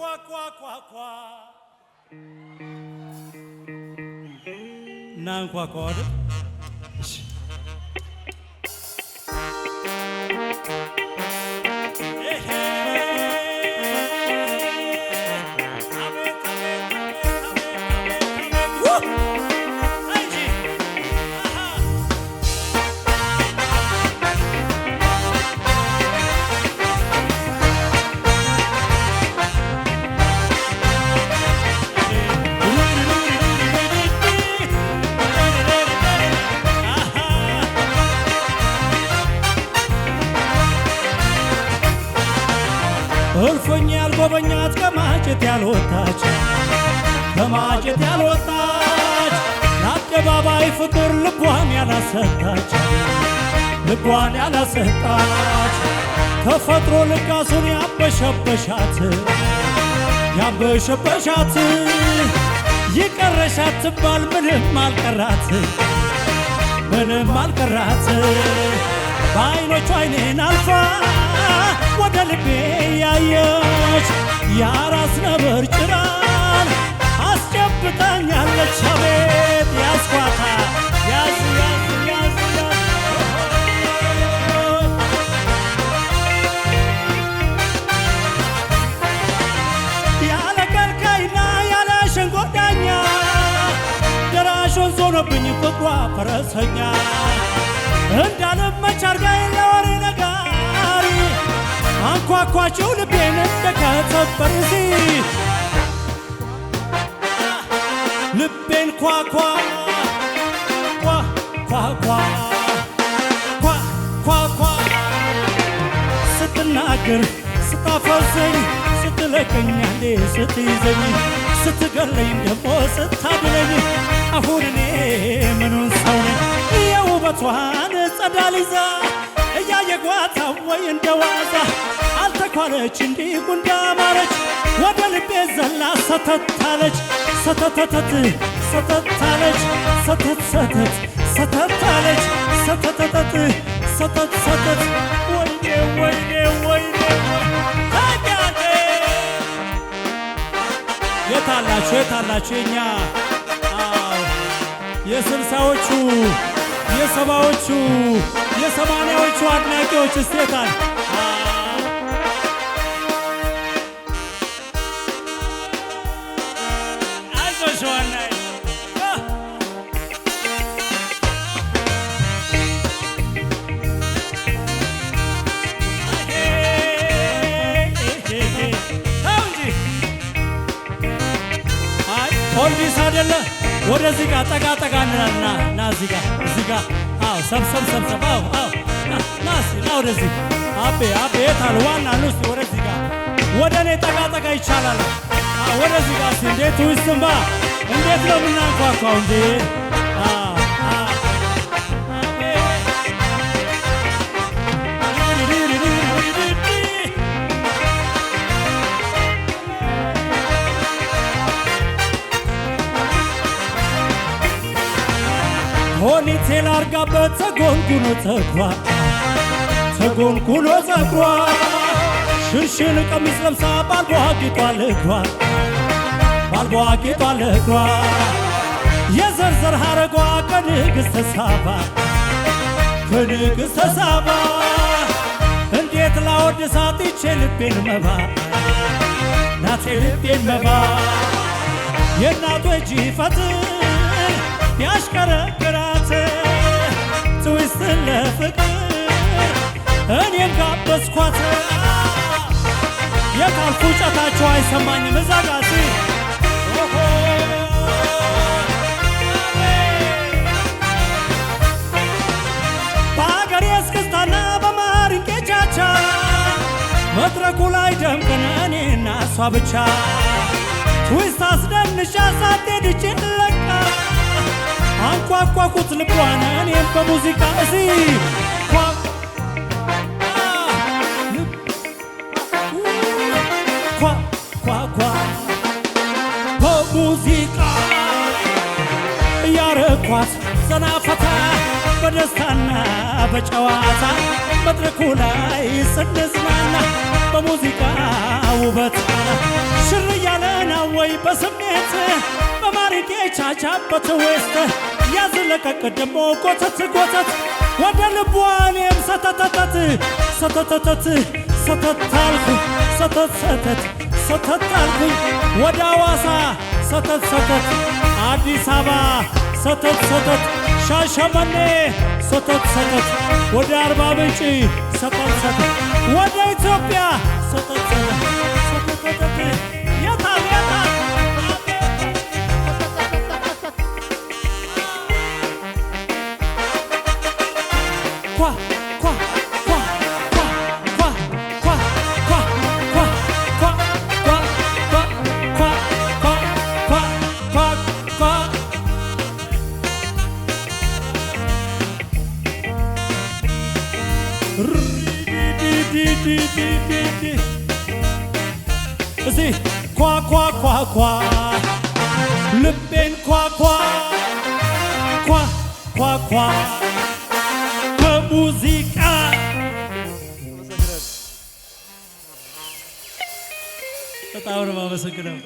kwa kwa kwa ከማጭት ያልወጣች ከማጭት ያልወጣች ለአደባባይ ፍቅር ልቧን ያላሰጣች ልቧን ያላሰጣች ተፈጥሮ ልቃሱን ያበሸበሻት ያበሸበሻት ይቀረሻት ትባል ምንም አልቀራት ምንም አልቀራት በአይኖቿ አይኔን አልፋ ወደ ልቤ ያየች የአራስ ነብር ጭራን አስጨብጣኛለች። አቤት ያስኳታ ያዝ ያዝ ያዝ ያለ ቀርቃይና ያለ ሸንጎዳኛ ደራሽ ሆኖብኝ ቁጥሯ ፈረሰኛ እንዳለመች አርጋይ ለወሬ ነጋሪ አንኳኳቸው ልቤን እንደከተበርሲ ልቤን ኳኳ ኳኳ ስትናገር ስታፈዘኝ ስትለቀኝ አንዴ ስትይዘኝ ስትገለኝ ደግሞ ስታድለኝ አሁን እኔ ምኑን ሰው የውበቷ ዳሊዛ እያየጓታ ወይ እንደዋዛ አልተኳለች እንዲህ ጉንዳማረች ወደ ልቤ ዘላ ሰተታለች ሰተተተት ሰተታለች ሰተት ሰተት ሰተታለች ሰተተተት ሰተት ሰተት ወይኔ ወይኔ ወይኔ የታላችሁ የታላችሁ የኛ የስልሳዎቹ የሰባዎቹ የሰማንያዎቹ አድናቂዎች እስቴታል ፖሊስ አይደለ ወደዚህ ጋር ጠጋ ጠጋ እንላለን። ና እዚህ ጋር እዚህ ጋር አዎ፣ ሰብሰብ ሰብሰብ አዎ፣ አዎ፣ ናስ ና ወደዚህ አቤ አቤ የታል ዋና ንስ ወደዚህ ጋር ወደ እኔ ጠጋ ጠጋ ይቻላል። ወደዚህ ጋር እንዴት ውስማ እንዴት ነው ምናንኳኳው እንዴ ፖኒቴል አርጋበት ተጎንጉኖ ተግባ ተጎንጉኖ ጸጉሯ ሽርሽር ቀሚስ ለብሳ ባልቧ ጌጧ ለእግሯ ባልቧ ጌጧ ለእግሯ የዘርዘር ሐረጓ ከንግሥተ ሳባ ከንግሥተ ሳባ እንዴት ላወድሳት ይቼ ልቤን መባ ናቴ ልቤን መባ የእናቱ እጅ ያሽከረክራት ትውስትን ለፍቅር እኔም ጋበዝኳት የካልኩ ጨታችሁ አይሰማኝም እዛጋሴ በአገሬ እስክስታና በማር ቄቻቻ መድረኩ ላይ ደምቅን እኔና እሷ ብቻ ትዊስት አስደንሻ ሳቴ ድጭ አንኳኳኩት ልቧን እኔም በሙዚቃ እዚ በደስታና በጨዋታ መድረኩ ላይ ስንዝናና በሙዚቃ ውበት ሽር እያለና ወይ በስሜት በማሪቄ ቻቻበት ውስጥ ለቀቅ ደሞ ጎተት ጎተት ወደ ልቧ እኔም ሰተተተት ሰተተተት ሰተት ሰተት ሰተት ሰተት ወደ አዋሳ ሰተት ሰተት አዲስ አበባ ሰተት ሰተት ሻሸመኔ ሰተት ሰተት ወደ አርባ ምንጭ ሰተት ሰተት ወደ ኢትዮጵያ ሰተት ሰተት እስቲ ኳኳኳኳ ልቤን ኳኳ ኳኳኳ በሙዚቃ በጣም ነው የማመሰግነው።